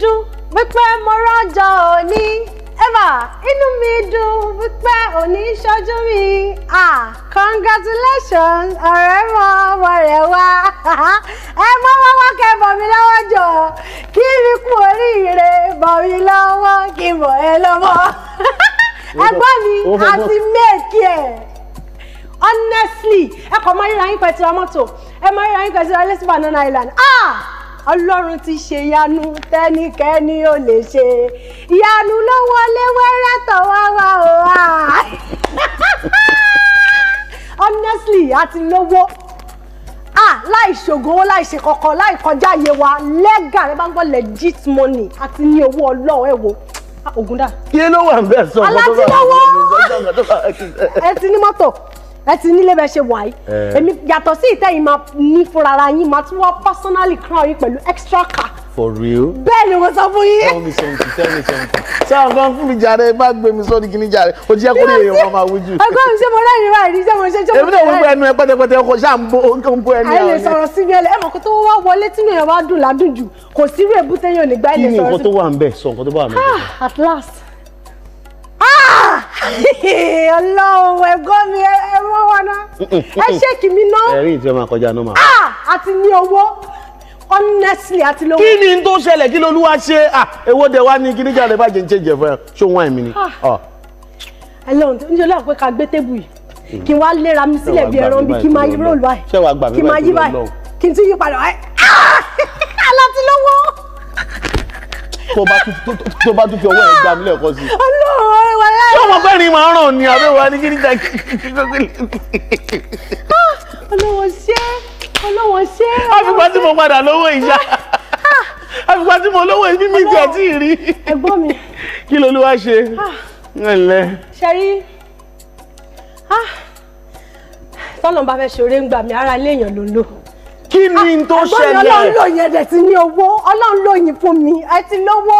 dùn wípé mo rọ́jọ́ òní eva inú mi dùn wípé òní ṣojú mi ah congratulations ọ̀rẹ́ mọ ọmọ rẹ̀ wá ẹ mọ́ wọ́wọ́ kẹ bọ̀ mí lọ́wọ́ jọ kí mi kú oríire bọ̀ mí lọ́wọ́ kí n bọ̀ ẹ lọ́wọ́ ẹgbọ́n mi àti méèkì ẹ̀ honestly ẹ kọ̀ mọ́ ríra yín pẹ̀tìrà mọ́tò ẹ mọ́ ríra yín pẹ̀tìrà lẹ́sìn banana island ah ọlọ́run ti ṣe ìyanu tẹ́nikẹ́ni ò lè ṣe ìyanu ló wọlé wẹ́rẹ́ tọ̀ wá o wá. Ah! honestly a ti lówó ah láì ṣògùn láì ṣe kankan láì kọjá àyè wa lẹ́gà ẹ bá ń gbọ́ legit money àti ní owó ọlọ́ọ̀ ẹ wo ah, Ògúndà. kí ló wà ń bẹ̀ sọ. alátìlọ́wọ́ ẹ ti ní mọ́tò ẹ ti nílé bẹ ṣe wàyí èmi yàtọ̀ sí ìtẹ́yìn máa ní fúnra ara yín máa tún wá personally crown yín pẹ̀lú extra car. for real. bẹ́ẹ̀ ni mo sọ fún yín. tell me something tell me something. ṣé àwọn kan fún mi jàre bá gbé mi sórí kìíní jàre o jẹ́ kó lè èèyàn wọn máa wújú. ẹgbẹ́ mi ṣe mo rẹ́ ìrírá ìrí ṣé mo ṣe ṣé mo rẹ́ ìrírá. èmi náà wọ́n bọ ẹnu ẹ pẹ́tẹ́pẹ́tẹ́ ọkọ̀ ṣáà ń bọ nǹkan bọ ẹnu àwọn yẹn. àìlè sọ̀rọ̀ sí mi ẹlẹ́ ẹ mọ̀ kó tó wá wọlé tí mi yẹn wá dùn ládùn jù kò sí rèébù téèyàn ò lè gbá ilé sọ̀rọ̀ sí mi. kí ni nǹkan tó wà ń bẹ̀ sọ nǹkan tó bá wà ń bẹ̀. Ah, at last ọlọ́run ẹ̀gbọ́n mi ẹ wọ́n wá ná ẹ ṣéèkì mi ná. ẹ̀rín tí ó máa náà máa. àti ní owó honestly àti lówó. kí ni n tó ṣẹlẹ̀ kí lolúwa ṣe èwo ah, dẹ̀ wá ní kíníjà rẹ̀ bàjẹ́ ń ṣe jẹ̀ fún ẹ ṣó wọ́n ẹ̀mí ni. ẹlọ́run tó ń ṣe láàpẹ́ ká gbé tébù yìí mm. kí n wá léra mi sílẹ̀ bí ẹran bí kí n máa yí báyìí kí n máa yí báyìí kí n tún yí padà tó bá tó bá tún fi ọwọ́ ẹ̀ gbà mí lẹ́ẹ̀kan sí. Ọlọ́run ọ̀rẹ́ wa láyé. ṣé ọmọ fẹ́ rin màá ràn ni àbẹ́ wa ní kí níta kí ah, ọlọ́wọ́ ṣé ọlọ́wọ́ ṣé. àfipá tí mo padà lówó ìyá àfipá tí mo lówó ìbí mi tiẹ̀ tí ì rí. ẹ̀gbọ́n mi. kí ló ló wá ṣe. Ah. ẹ̀lẹ́. ṣẹ́rí ah. tọ́lọ́mbà fẹ́ ṣeré ń gbà mí ara léèyàn ló ń lò kí ni tó ṣẹlẹ̀ àgbọ̀nrín ọlọ́run lòyìn ẹ̀dẹ̀ ti ní owó ọlọ́run lòyìn fún mi ẹ ti lówó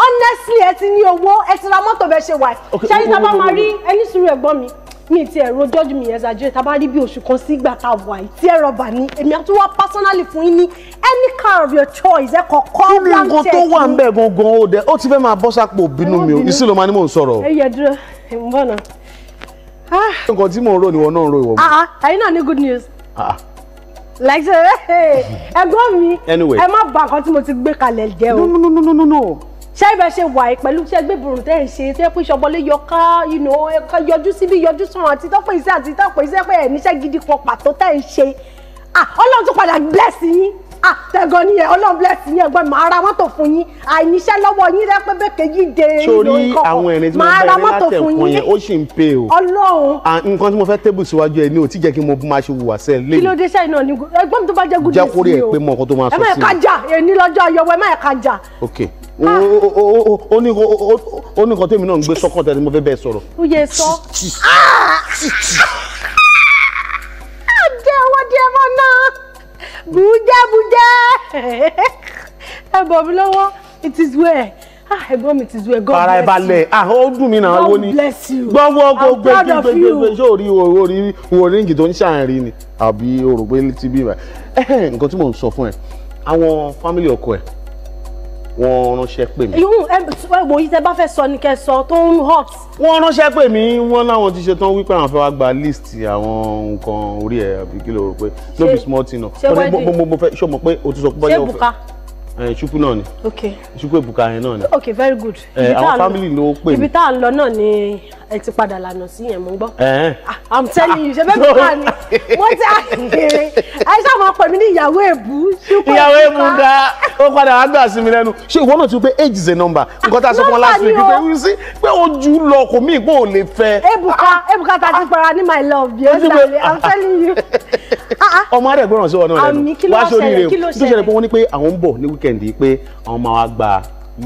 honestly ẹ ti ní owó ẹ ti ra mọ́tò bẹ́ẹ̀ ṣe wà ṣáyé tá a bá máa rí ẹni sùúrù ẹ̀gbọ́n mi mi ti ẹ̀rọ jọ́jú mi exaggerate tá a bá rí bí oṣù kan sí ìgbà tá a wà tí ẹ rọ̀bà ni èmi àti wá personally fún yín ní any car of your choice ẹ kọ̀ọ̀kọ́ ránṣẹ́ kí. kí ni nǹkan tó wà ń bẹ̀ gangan ó dẹ ó ti fẹ́ máa bọ́ sápò bínú mi o ìsìn ló máa ní mò ń sọ̀rọ̀. ẹ yẹ dúró ẹ ń bọ̀ náà. Ah. nǹkan tí mò ń rò ni wọn náà ń rò ìwọ mi. Ah, ah. àyín náà ní good news. Ah like say ẹ̀gbọ́n mi ẹ má bà nǹkan tí mo ti gbé kalẹ̀ jẹ́ o. no no no no no no ṣé ibẹ̀ ṣe wà yìí pẹ̀lú ṣé gbé burú tẹ́ ẹ̀ ṣe tó yẹ pé ìṣọ̀bọlé yọ ká yọjú síbi yọjú sàn àti tọ́pọ̀ iṣẹ́ àti tọ́pọ̀ iṣẹ́ pé ẹ̀ níṣẹ́ gidi kan pàtó tẹ́ ẹ̀ ṣe ah, ọlọ́run tún padà bless yín ah tẹ̀gàn ni yẹn ọlọ́run bless yín ẹ̀gbọ́n mi ara mọ́tò fún yín àìníṣẹ́ lọ́wọ́ yín rẹ pé bẹ́ẹ̀ kejì de ìròyìn kọ̀ọ̀kan máa ra mọ́tò fún yín ó sì ń pè o ọlọ́run. nǹkan tí mo fẹ́ tébù síwájú ẹ ní o tí jẹ́ kí mo máa ṣe wùwà sẹ́ẹ̀ lé. kí ló dé sẹ́yìn náà ni mi tó bá jẹ́ good sí i. Ebom it is well ah Ebom it is well God bless you. ara ẹ balẹ̀ ah ó dùn mí náà wo ni gbọ́wọ́ kó gbẹ́jú gbẹ́jú ṣé orí orí oríǹgì tó ń ṣàárín ni àbí ti bí ibà fún ẹ àwọn fámìlì ọkọ wọ́n ránṣẹ́ pè mí. ìhun ẹ̀wò yìí tẹ bá fẹ́ sọ ni kẹ́ sọ tó ń hot. wọ́n ránṣẹ́ pè mí wọ́n láwọn ti ṣetán wípé àwọn fẹ́ wá gba list àwọn nǹkan orí ẹ̀ àbí kí ló rò pé no be small thing o. ṣé wedding ṣé buka Eh, ṣùkú náà ni ṣùkú èbùkà yẹn náà ni. ok very good. Eh, àwọn family ló pè mí. ibi tá à lọ náà ni ẹ ti padà lànà sí yẹn mo ń eh. ah, i'm telling you ṣe bẹ́ẹ̀ bí ni wọ́n ti àgbèrè ah, ẹ ṣáà máa pè mí ní ìyàwó èbú ṣùkú ìyàwó èbú da ó padà wá gbà sí mi lẹ́nu ṣé ìwọ náà ti pé age is a number nǹkan tá a sọ fún ọ last week pé wí sí pé ojú lọ kò ò lè fẹ́. èbùkà èbùkà tá ti para ní my love yẹn i'm ah. telling you. Ah, ah. ọmọ rẹ̀ gbọ́ràn sí ọ̀nà rẹ̀ nù wá sórí rẹ̀ tó ṣẹlẹ̀ pé wọ́n ní pé àwọn ń bọ̀ ní wíkẹ̀ndì pé àwọn máa gba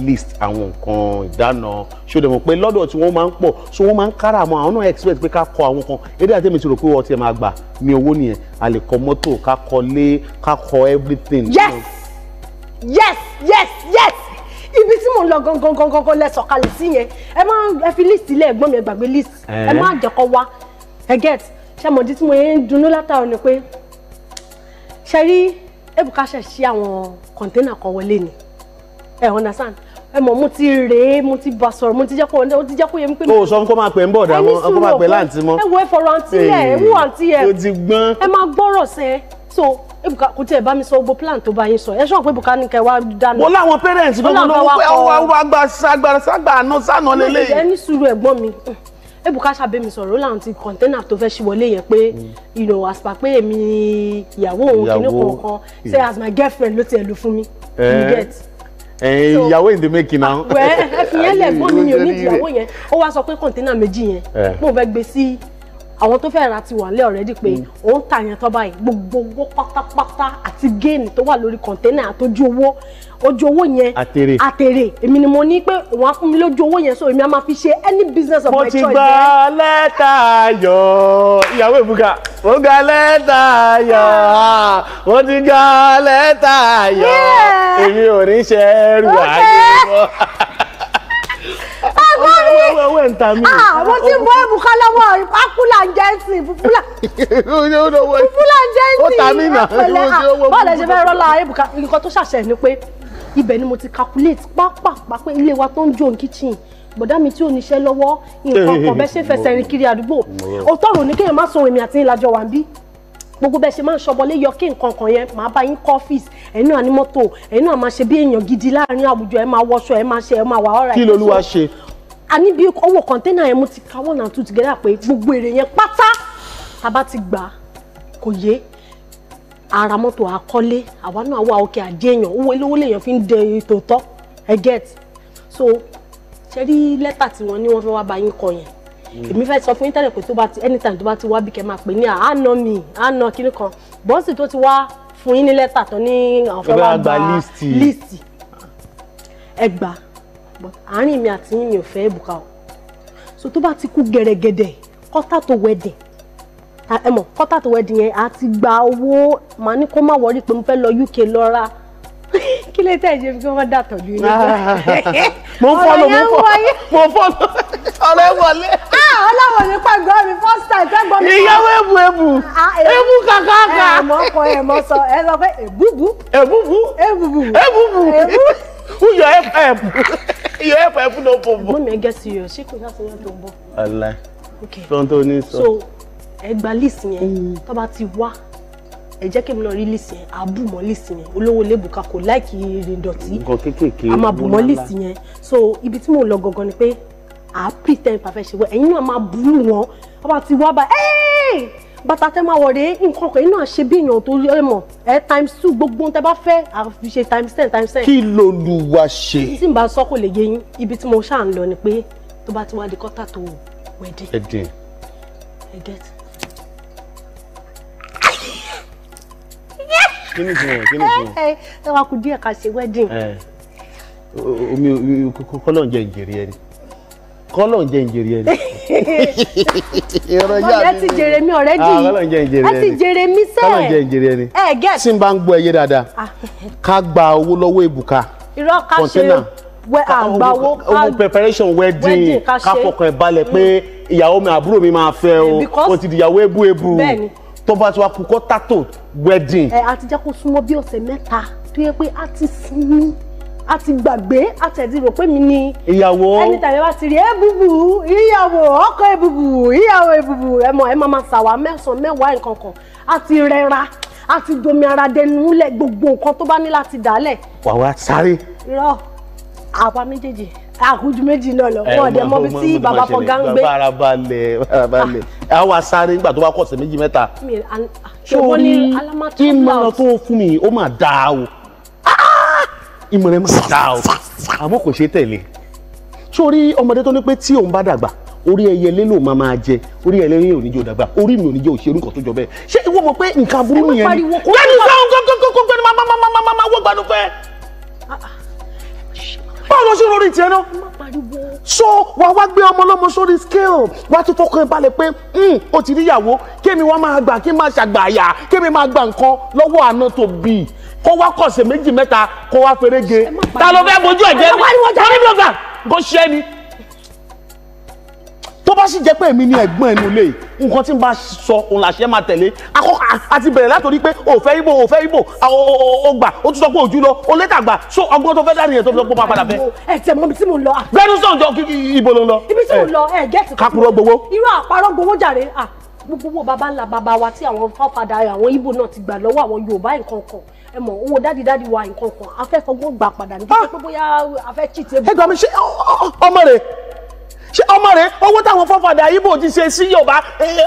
list àwọn nǹkan ìdáná ṣọdẹ mọ̀ pé lọ́dọ̀ tí wọ́n máa ń pọ̀ so wọ́n máa ń kára àmọ́ àwọn náà expect pé ká kọ àwọn kan eré àti èmi ti rò pé wọ́n ti máa gbà ní owó nìyẹn a lè kọ mọ́tò ká kọ lé ká kọ everything. yes yes yes yes ibi tí mò ń lọ gangan gangan gangan lẹ sọ̀kalẹ̀ sí yẹn ẹ má ẹ fi list ilé ẹ̀gbọ́n mi ẹ gbàgbé list ẹ má jẹ́ wá ẹ get ṣe àmọ̀dí tí mo yẹn ń dunnú látàrọ ni pé ṣe rí ebuka ṣe ṣe àwọn kọ̀ńténà kan wọlé ni ẹ understand ẹ mọ̀ mo ti rèé mo ti bá sọ̀rọ̀ mo ti jẹ́ kó ọ̀dẹ́ mo ti jẹ́ kó yẹ mi pé. o sọ fún kó máa pè ń bọ̀ dà mọ́ kó máa pè láǹtí mọ́. ẹ wo ẹ fọ̀rọ̀ àǹtí ẹ ẹ wú àǹtí ẹ. o ti gbọ́n. ẹ máa gbọ́rọ̀ sẹ́ so ebuka kò tiẹ̀ bá mi sọ gbogbo plan tó bá yín sọ ẹ ṣọ́n pé ebuka ní kẹ́ wá dáná. wọ́n láwọn parents gbogbo náà wọ́n pẹ́ wọ́n wá gba sàgbà sàgbà àná sànà lélẹ́yìn. ẹ sùúrù ẹ̀gbọ́n mi ebuka ṣàbẹ̀mí sọ̀rọ̀ láwọn ti kọ̀ńténà tó fẹ́ ṣí wọlé yẹn pé ìrò mm. àṣìpà pé èmi ìyàwó òun kìíní kọ̀ọ̀kan eh. say as my girlfriend ló tiẹ̀ lu fún mi you eh. get. Eh, ìyàwó in the making now. wẹ́ẹ́ ẹ fi yẹn lẹ̀ gbọ́n mi mi ò ní ìyàwó yẹn ó wá sọ pé kọ̀ńténà méjì yẹn mo fẹ́ gbé sí àwọn tó fẹ́ ra ti wà nílẹ̀ ọ̀rẹ́dì pé òun mm. tà yẹn tán báyìí gbogbo owó pátápátá àti géènì tó wà lórí kọ̀ńténà àtọ́jú owó ojú owó yẹn àtèrè àtèrè èmi ni mo ní pé òun á fún mi lójú owó yẹn so èmi á máa fi ṣe any business of my choice. Ah. mo ti gba lẹ́tà ayọ̀ ìyàwó ìbúkà mo gba lẹ́tà ayọ̀ mo ti gba lẹ́tà ayọ̀ èmi ò ní ṣe ẹrù ayé wọn ẹ̀ ń ta mí. àwọn tí ń bọ́ ìbùkọ́ lọ́wọ́ akúlà ń jẹ́ sí fúfúlà. fúfúlà ń jẹ́ sí. ó ta mí náà ìwọ tí ó wọ fúfúlà. Ah, bọ́ọ̀lù ẹ̀jẹ̀ fẹ́ rọ́lá ìbùkọ́ nǹkan tó ṣàṣẹ ni pé ibẹ̀ ni mo ti calculate pápápá pé ilé wa tó ń jó ní kitchen bọ̀dá mi tí ò níṣẹ́ lọ́wọ́ nǹkan kan bẹ́ẹ̀ ṣe fẹsẹ̀ rìn kiri àdúgbò òtọ́rò ní kéèyàn má sọ èmi àti ìlàjọ wà ń bí gbogbo bẹ́ẹ̀ ṣe máa ń ṣọbọlé yọ kí nǹkan kan yẹn máa bá yín kọ́ ọ́fíìsì ẹ̀yin náà ní mọ́tò ẹ̀yin náà máa ṣe bí èèyàn gidi láàrin àwùjọ ẹ̀ máa wọṣọ ẹ̀ máa ṣe ẹ̀ máa wà ọ̀rẹ́ kí lolúwa ṣe àní bí owó kọ̀ńténà yẹn mo ti ka one and two together pé gbogbo èrè yẹn pátá tá a bá ti gbà kò yé ara mọ́tò àkọ́lé àwa náà wà òkè àjẹ́ èèyàn owó olówó lèèyàn fi ń dẹ ètò to. I get so ṣe rí lẹ́tà tí wọ́n ní wọ́n fẹ́ wá bá yín kọ yẹn hmm. èmi fẹ́ sọ fún yín tẹ́lẹ̀ pé tó bá ti anytime tó bá ti wá bí kẹ́ máa pè ní àánà mi àánà kíní kan bọ́ǹsì tó ti wá fún yín ní lẹ́tà tán ní àwọn fẹ́ wá gba líìsì ẹgbàá but àárín mi àti yín mi ò fẹ́ ìbùkà o so tó bá ti kú gẹ̀rẹ́gẹ̀dẹ̀ kọ́tà tó wedding ẹ mọ̀ kọ́tà tó wedding yẹn a ti gba owó màá ní kó má wọrí pé mo fẹ́ lọ UK lọ ra kí lè tẹ̀ ṣe fi kí wọ́n dàtọ̀ ju ilé rẹ̀. mo ń fọ́nà mo ń fọ́nà mo ń fọ́nà ọ̀rẹ́ wọlé. Ah, ọlọ́wọ̀ ní pàgọ́ mi first time fẹ́ gbọ́ mi. ìyàwó èbù èbù èbù ah, kàkàkà. ẹ mọ kọ ah, ẹ mọ sọ ẹ sọ pé èbùbù. èbùbù èbùbù èbùbù. wúyọ ẹ fẹ́ èbù you help help no pombo. Mọ́mí ẹ get serious, ṣé kò sáà sẹ́yìn tó ń bọ̀? Àlá. Ok. Sọ́n tó ní So ẹ gba list yẹn, mm. tó bá ti wá, ẹ jẹ́ kí n lọ rí list yẹn, a bù mọ́ list yẹn, olówó lébù ká kò láìkí irin dọ̀tí. Nǹkan kéékèèké. A máa bù mọ́ list yẹn. So ibi tí mò ń lọ gangan ni pé à á perfect perfection, ẹ̀yin náà máa bú wọn, ọba ti wá bá ẹ́ẹ̀ bàtà tẹ́ máa wọ̀de nǹkan kan náà ṣe bí èèyàn tó ẹ mọ̀ ẹ times two gbogbo tẹ́ bá fẹ́ àfi ṣe times ten times ten. kí ló lu wa ṣe. tí n bá sọ kò lè yé yín ibi tí mo ṣáà ń lọ ni pé tó bá ti wá di kọ́tà tó wẹ̀dẹ̀. ẹ̀dẹ̀. ẹ̀gẹ́. kí ni fún ọ kí fún ọ. ẹ ẹ wá kú díẹ̀ ká ṣe wedding. omi kọ́lọ́ ń jẹ́ ìjẹ́rìí ẹni kọ́lọ̀ ń jẹ́ ìjèrè ẹni. ọ̀rẹ́ ti jèrè mi ọ̀rẹ́ di yìí kọ́lọ̀ ń jẹ́ ìjèrè ẹni. ẹ ti jèrè mi sẹ́ẹ̀ kọ́lọ̀ ń jẹ́ ìjèrè ẹni. ẹ eh, gẹ́. tí n bá ń gbọ́ ẹyẹ dáadáa ah. ká gba owó lọ́wọ́ èbùkà kọ́ńtẹ́nà àgbà owó owó preparation wedding ká fọkàn ìbalẹ̀ pé mm. ìyàwó mi àbúrò mi máa fẹ́ o o eh, ti di ebu ebu tó bá ti wá kú kọ́ wedding. ẹ eh, àtijọ́ kó súnmọ́ bí ọ̀sẹ̀ mẹ́ta tó yẹ pé á ti sinmi a ti gbàgbé a tẹ̀dí rò pé mi ni ìyàwó ẹni tàbí wá ti rí ebùbù ìyàwó ọkọ ebùbù ìyàwó ebùbù ẹ mọ ẹ máa ma sàwà mẹ́sàn-án mẹ́wàá nǹkan kan a ti rẹra a ti domi ara dẹnu lẹ gbogbo nǹkan tó bá ní láti dálẹ̀. wàá wá sáré. irọ́ àwa méjèèjì àkújú méjì náà lọ wọn ọdẹ mọbi tí bàbá fọgá ń gbé. bàbá balẹ̀ bàbá balẹ̀ a ah. wá sáré nígbà tó bá kọ̀ọ̀sẹ̀ méjì mẹ́ta. sórí ìmọ̀ràn tó fún mi ó mà dáa o ìmọ̀ rẹ̀ máa dá o àmọ́ kò ṣe tẹ̀lé sórí ọmọdé tó ní pé tí òun bá dàgbà orí ẹyẹ lélo máa máa jẹ orí ẹyẹ lélo òní jẹ òdàgbà orí mi òní jẹ òṣèlú nǹkan tó jọ bẹ́ẹ̀ ṣé ìwọ mọ̀ pé nǹkan burú nìyẹn ni gbẹni sọhún kókókókó gbẹni máa máa máa máa máa wọ gbanu fẹ. báwo ló ṣe lórí tiẹ̀ náà so wàá wá gbé ọmọ lọ́mọ sórí scale wàá tún fọkàn balẹ̀ pé o hmm, ti níyàwó kémi wàá máa gbà kí n máa ṣàgbà àyà kémi máa gbà nǹkan lọ́wọ́ àna tó bíi kó wá kọ̀sẹ̀ méjì mẹ́ta kó wá ferege ta ló fẹ́ bójú ẹ̀jẹ̀ mi torí mi ò gbà kó ṣe ni. tó bá sì jẹ́ pé èmi ni ẹ̀gbọ́n ẹnu lè nǹkan tí n bá sọ òun làṣẹ máa tẹ̀lé àti bẹ̀rẹ̀ látòrí pé o fẹ́ ibo o fẹ́ ibo o gbà o tún sọ pé òjú lọ o létà gbà so ọgbọ́n tó fẹ́ dá nìyẹn tó fi sọ pé o máa padà fẹ́. ẹsẹ̀ mọ ibi tí mo lọ. gbẹ́nu sọ̀n jọ ibo ló ń lọ. ibi tí mo eh, lọ ẹ gẹ́tì. kakurọ gbowó. irú àparọ gbowó jàre gbogbo baba ńlá baba wa tí àwọn fáfadà àwọn ibo náà ti gbà lọ́wọ́ àwọn Yorùbá nǹkan kan ẹ mọ̀ owó dádìdádì wa nǹkan kan afẹ́fọgbọ́n gbà padà ní kíkẹ́ ah! pé bóyá afẹ́ chì tẹ́. ẹ gbà mí ṣe ọmọ rẹ ṣe ọmọ rẹ owó táwọn fọfàdà ibo ti ṣe sí Yorùbá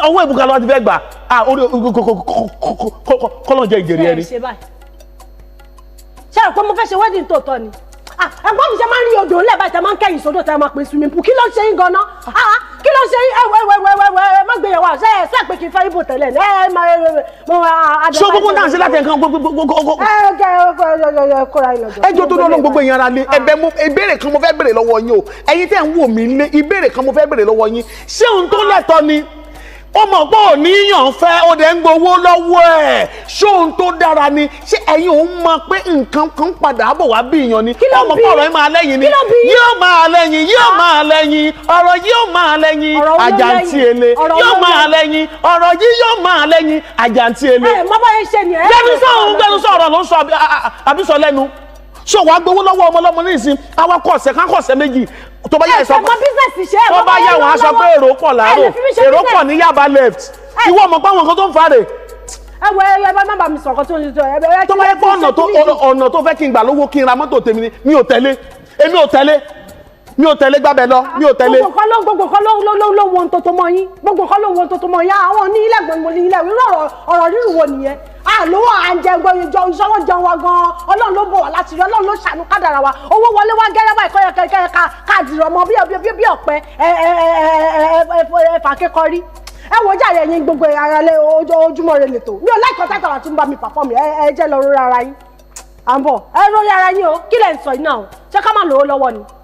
owó ìbùkà lọ́wọ́ ti fẹ́ gbà á ah, orí kọ́lọ́jẹ ìjẹ̀rì ẹni. ṣe àpò mo fẹ́ ṣe wedding tòótọ́ ni ah, ẹ̀gbọ́n mi ṣe máa ń rí odò ńlẹ̀ báyìí tẹ máa ń kẹ́yìn sódò tẹ máa pè swimming pool kí ló ń ṣe yín gan-an sáà pé kí n fa ibo tẹ́lẹ̀ ní ẹ máa mo adama. so gbogbo náà ṣe láti ẹ̀kan gbogbo. ẹ jẹ́ ẹ kóra ilẹ̀ jọ. ẹ jọ tó lọ́nà gbogbo èèyàn ara lé ẹ̀bẹ̀ mo ìbéèrè kan mo fẹ́ béèrè lọ́wọ́ yín o ẹ̀yin tẹ́ ń wò mí lé ìbéèrè kan mo fẹ́ béèrè lọ́wọ́ yín ṣé ohun tó lẹ́tọ̀ọ́ ni ó mọ̀ pé òníyàn fẹ́ ó dẹ̀ ń gbowó lọ́wọ́ ẹ̀ ṣóun tó dára ni ṣé ẹ̀yin òun mọ̀ pé nǹkan kan padà bọ̀ wá bí ìyàn ni ó mọ̀ pé ọ̀rọ̀ yìí máa lẹ́yìn ni yóò máa lẹ́yìn yóò ah. máa lẹ́yìn ọ̀rọ̀ yóò máa lẹ́yìn àjàǹtí ele yóò máa lẹ́yìn ọ̀rọ̀ yìí yóò máa lẹ́yìn àjàǹtí ele. Eh, ẹ mọ́bá yẹn ṣe nìyẹn. gbẹnu sọ̀rọ̀ gbẹnu sọ̀rọ̀ ló ń sọ àbísọ lẹ́nu ṣé wàá gbowó lọ́wọ́ ọmọ ọlọ́mọ ní ìsìn awakọ̀ ọ̀sẹ̀ káńkọ̀ ọ̀sẹ̀ méjì tó bá yà sọ tó bá yà wọn aṣọ pé èrò pọ̀ láàárọ̀ èrò pọ̀ ní Yaba left ìwọ ọmọ pé àwọn nǹkan tó ń fa rè. ẹ wọ ẹ bá má bà mí sọ̀kọ́ tó ń sọ ẹ bẹ. tó bá yẹ pé ọ̀nà tó fẹ́ kí n gbà lówó kí n ra mọ́tò tèmi ni mi ò tẹ̀lé èmi ò tẹ̀lé mi ò tẹ̀lé gbábẹ́ lọ mi ò tẹ̀lé. gbogbo kan ló ló wo ohun tuntun mọ́ yín gbogbo kan ló wo ohun tuntun mọ́ yín àwọn ní ilé ẹ̀gbọ́n mo ní ilé ìwé ọ̀rọ̀ rírù wo nìyẹn àlówó àjẹgbọ ìjọ ìṣọwọ́ jẹun wa gan-an ọlọ́run ló bọ̀ wá láti rí ọlọ́run ló ṣàánú kádàrà wa owó wọlé wá gẹ́rẹ́ báyìí kọ́yọ̀ kẹ́kẹ́ káàdìrì ọmọ bí ọ̀pẹ ẹ̀fà kékọ́rí ẹ wo jàre ẹ̀yin gbogbo ara lẹ ojúmọ́ rẹ lẹtọ mi ò láìkọ tẹtọ àti bá mi pàfọọmù ẹ jẹ lọ rọra ara yín à ń bọ ẹ rọra ara yín o kí lẹ ń sọ yìí náà ṣé ká má lówó lọ́wọ́ ni